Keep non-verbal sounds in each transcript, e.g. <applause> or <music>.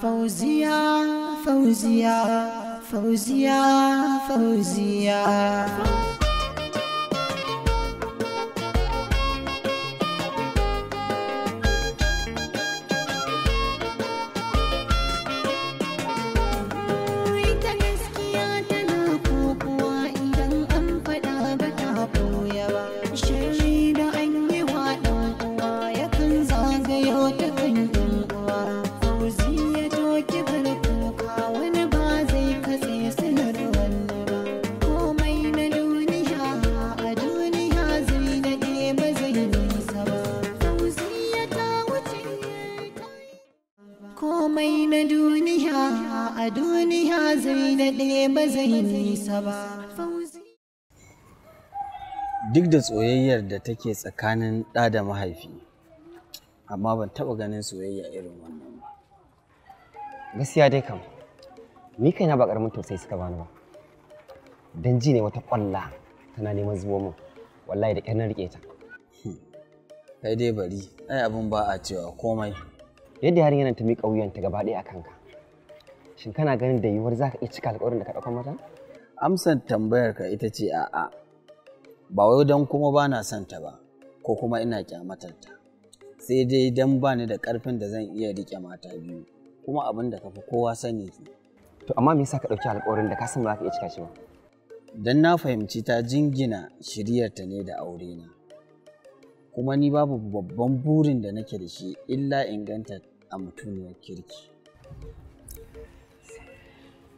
Fauzia, Fauzia, Fauzia, Fauzia. zai yi ba duk da tsoyayyar da take tsakanin ɗa da mahaifi amma ban taɓa ganin soyayya irin wannan ba gaskiya dai kam ni kaina ba ƙaramin tausayi suka bani ba don ji ne wata ƙwalla tana neman zuwa min wallahi da ƙyar na riƙe ta kai dai bari ai abin ba a cewa komai yadda yarinyar ta miƙa wuyanta gaba ɗaya a kanka shin kana ganin da yiwuwar za ka iya cika alƙawarin da ka ɗaukan mata? Amsan tambayar ka ita ce a'a. Ba wai don kuma ba na son ta ba, ko kuma ina kyamatar ta. Sai dai don ba ni da ƙarfin da zan iya riƙe mata biyu, kuma abin da ka fi kowa sani ke. To amma me yasa ka ɗauki alƙawarin da ka san ba za ka iya cika shi ba? Don na fahimci ta jingina shiryarta ne da aure na. Kuma ni babu babban burin da nake da shi illa inganta a mutuniyar kirki.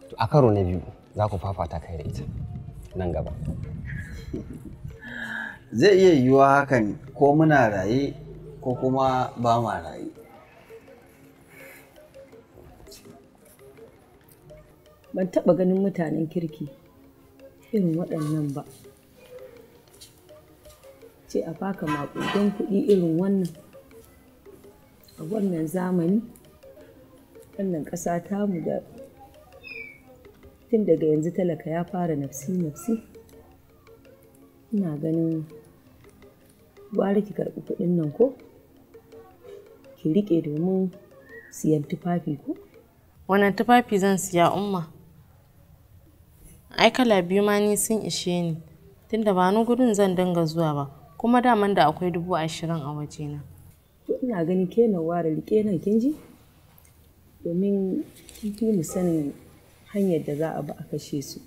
to a karo na biyu za ku fafata kai da ita nan gaba zai iya yiwuwa hakan ko muna raye ko kuma ba ma raye ban taɓa ganin mutanen kirki irin waɗannan ba ce a baka maƙudan kuɗi irin wannan a wannan zamani wannan ƙasa tamu da tun daga yanzu talaka ya fara nafsi-nafsi ina ganin gwari ki karɓi kuɗin nan ko ki riƙe domin siyan tufafi ko wannan tufafi zan siya umma ai kala biyu ma ni sun ishe ni tunda ba ni gudun zan dinga zuwa ba kuma daman da akwai dubu ashirin a wajena ina ganin kenan ware riƙe nan kin ji domin kin fi mu sanin hanyar da za a ba a kashe su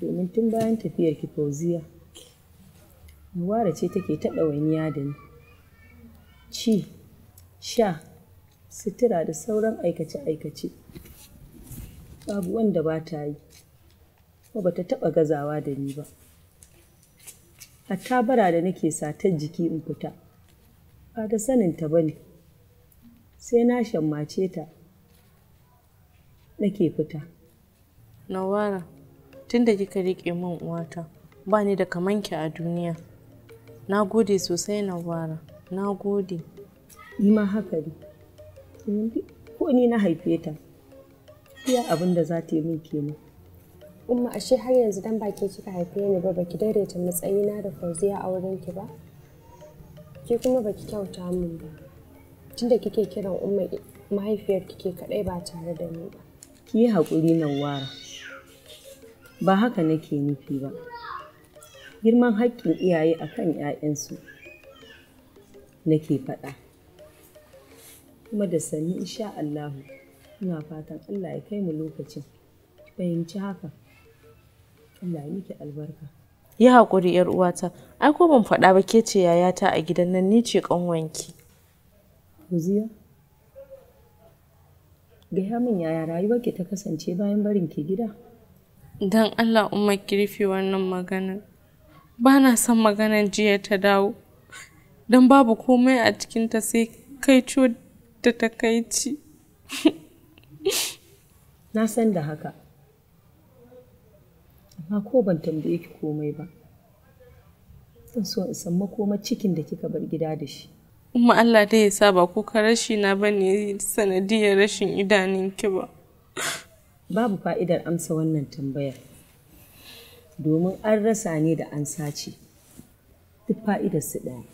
domin tun bayan tafiyar ki fauziya muwara ce take taɓa wani da ni ci sha sutura da sauran aikace-aikace babu wanda ba ta yi kuma ba ta taɓa gazawa da ni ba A tabara da nake satar jiki in fita ba da saninta ba ne sai na shammace ta nake fita. Nawara, tun da kika riƙe min uwata, ba ni da kamanki a duniya. Na gode sosai Nawara, na gode. ma haka ne, ko ni na haife ta, iya abin da za ta yi min kenan. Umma ashe har yanzu dan baki kika haife ni ba baki daidaita matsayina da fauziya a wurin ki ba? Ki kuma baki kyauta min ba. Tunda kike kiran umma mahaifiyar kike kadai ba tare da ni ba. Ki haƙuri nawara Ba haka nake nufi ba. Girman haƙƙin iyaye a kan ‘ya'yansu nake faɗa. Kuma da sannu insha Allahu, ina fatan Allah ya kai mu lokacin. fahimci haka. Allah ya miki albarka. Yi haƙuri ‘yar uwata, ai ko ban faɗa ba ke ce yayata a gidan nan ni ce ƙanwanki. Gaya min yaya rayuwar ki ta kasance bayan barin ki gida? Don Allah umma kirfi wannan maganar. Ba na son maganar jiya ta dawo. Don babu komai a cikinta sai kai da ta ci <laughs> Na san da haka. Amma ko ban tambaye ki komai ba. Zan so in san makoma cikin da kika bar gida da shi. kuma Allah dai yi sa ba kuka rashi na ne sanadiyar rashin idanun ki ba. Babu fa'idar amsa wannan tambayar. Domin an rasa ne da an sace. Duk fa'idar su ɗaya.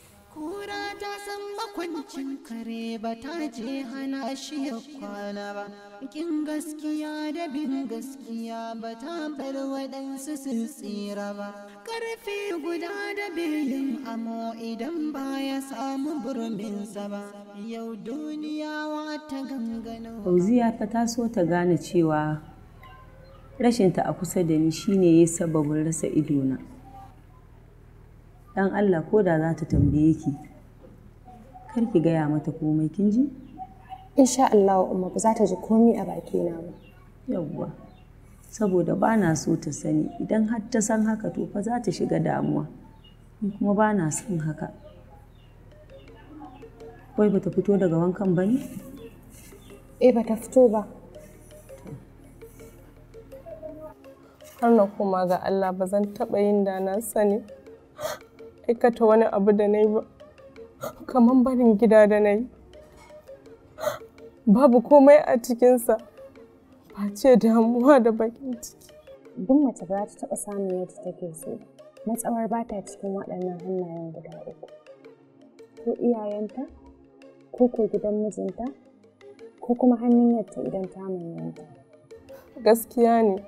ta san makwancin kare ba ta je hana shi ya kwana ba kin gaskiya da bin gaskiya ba ta bar waɗansu sun tsira ba ƙarfe guda da belin amo idan ba ya samu burminsa ba yau duniya wata gangana fauziya fa ta so ta gane cewa rashinta a kusa da ni shine ya sababin rasa idona dan Allah ko da za ta tambaye ki kar ki gaya mata komai kin ji insha Allah umma ba za ta ji komai a bakina ba yawwa saboda ba na so ta sani idan har ta san haka to fa za ta shiga damuwa ni kuma ba na son haka wai ta fito daga wankan ba ne eh ba ta fito ba har na koma ga Allah ba zan taɓa yin da na sani aikata wani abu da na yi ba kamar barin gida da na yi babu komai a cikinsa ce damuwa da bakin ciki duk mace ba ta taɓa samun yadda take so matsawar ba ta cikin waɗannan hannayen guda uku ko iyayenta ko ko gidan mijinta ko kuma hannun yadda idan ta manyanta gaskiya ne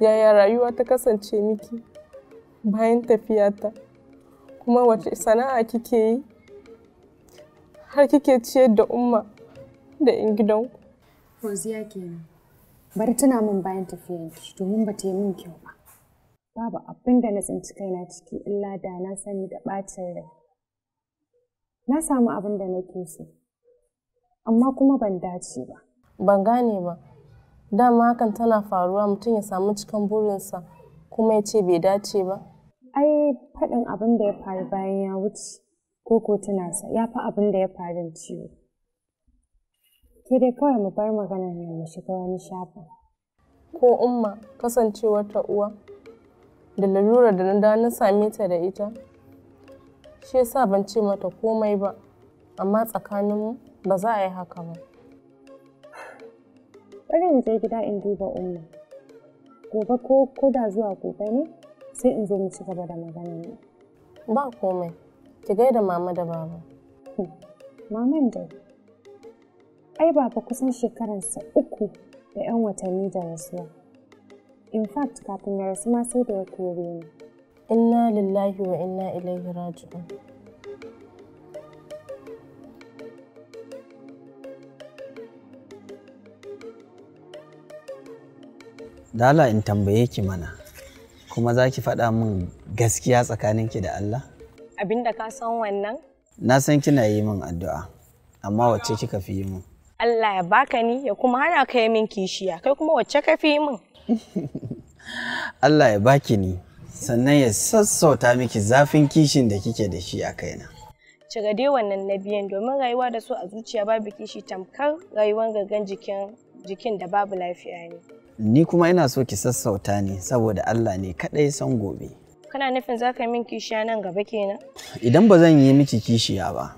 yaya rayuwa ta kasance miki bayan tafiyata kuma wace sana'a kike yi har kike ciyar da umma da in gidanku. Fauziya kenan. Bari tana min bayan ki domin ba ta yi min kyau ba. Babu abin da na tsinci kaina ciki illa da na sani da ɓacin rai. Na samu abin da nake so, amma kuma ban dace ba. Ban gane ba. Dama hakan tana faruwa mutum ya samu cikin burinsa kuma ya ce bai dace ba. Ai faɗin abin da ya faru bayan ya wuce ko ko sa ya fi abin da ya faru ciwo. Ke dai kawai mu bar magana ne mu shiga wani shafi. Ko umma kasancewar ta uwa da lalura da na da na same ta da ita. Shi yasa ban ce mata komai ba, amma tsakaninmu ba za a yi haka ba. Bari in je gida in duba umma. Gobe ko da zuwa gobe ne sai in zo mu ci gaba da magana ne Ba komai. Ki gaida mama da baba. Maman dai. Ai baba kusan shekararsa uku da 'yan watanni da rasuwa. In fact kafin ya rasu ma sai da ya kore ni. Inna lillahi wa inna ilaihi raji'un. Dala in tambaye ki mana, kuma za ki faɗa min gaskiya tsakaninki da Allah? abinda ka san wannan? Na san kina yi min addu'a, amma wacce kika fi yi min? Allah ya baka ni ya kuma hana ka yi min kishiya, kai kuma wacce ka fi yi min? <laughs> Allah ya baki ni, sannan ya sassauta miki zafin kishin da kike da shi a kaina. Cire dai wannan na biyan domin rayuwa da su a zuciya babu kishi tamkar rayuwar gangan jikin jikin da babu lafiya ne. Ni kuma ina so ki sassauta ne saboda Allah ne kaɗai san gobe. kana nufin za ka min kishiya nan gaba kenan idan ba zan yi miki kishiya ba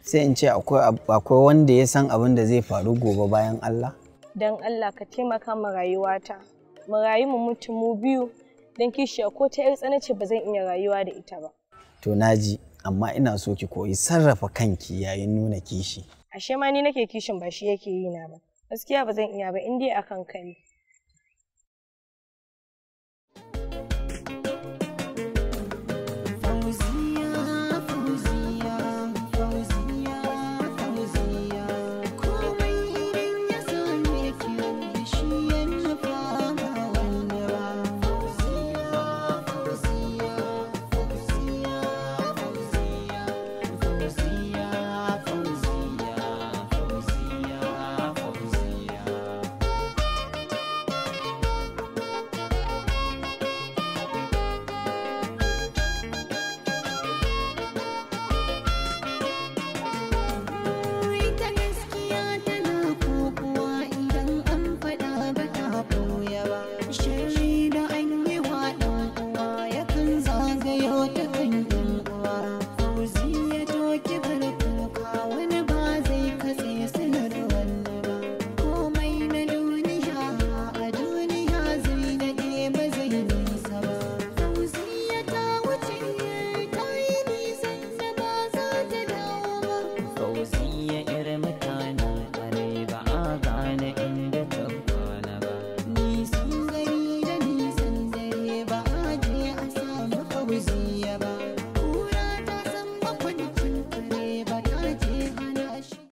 sai in ce akwai wanda ya san abin da zai faru gobe bayan Allah dan Allah ka taimaka ma rayuwata mu rayu mu mutu mu biyu dan kishiya ko ta yar tsanace ba zan iya rayuwa da ita ba to naji amma ina so ki koyi sarrafa kanki yayin nuna kishi ashe ma ni nake kishin ba shi yake yi na ba gaskiya ba zan iya ba in dai akan kai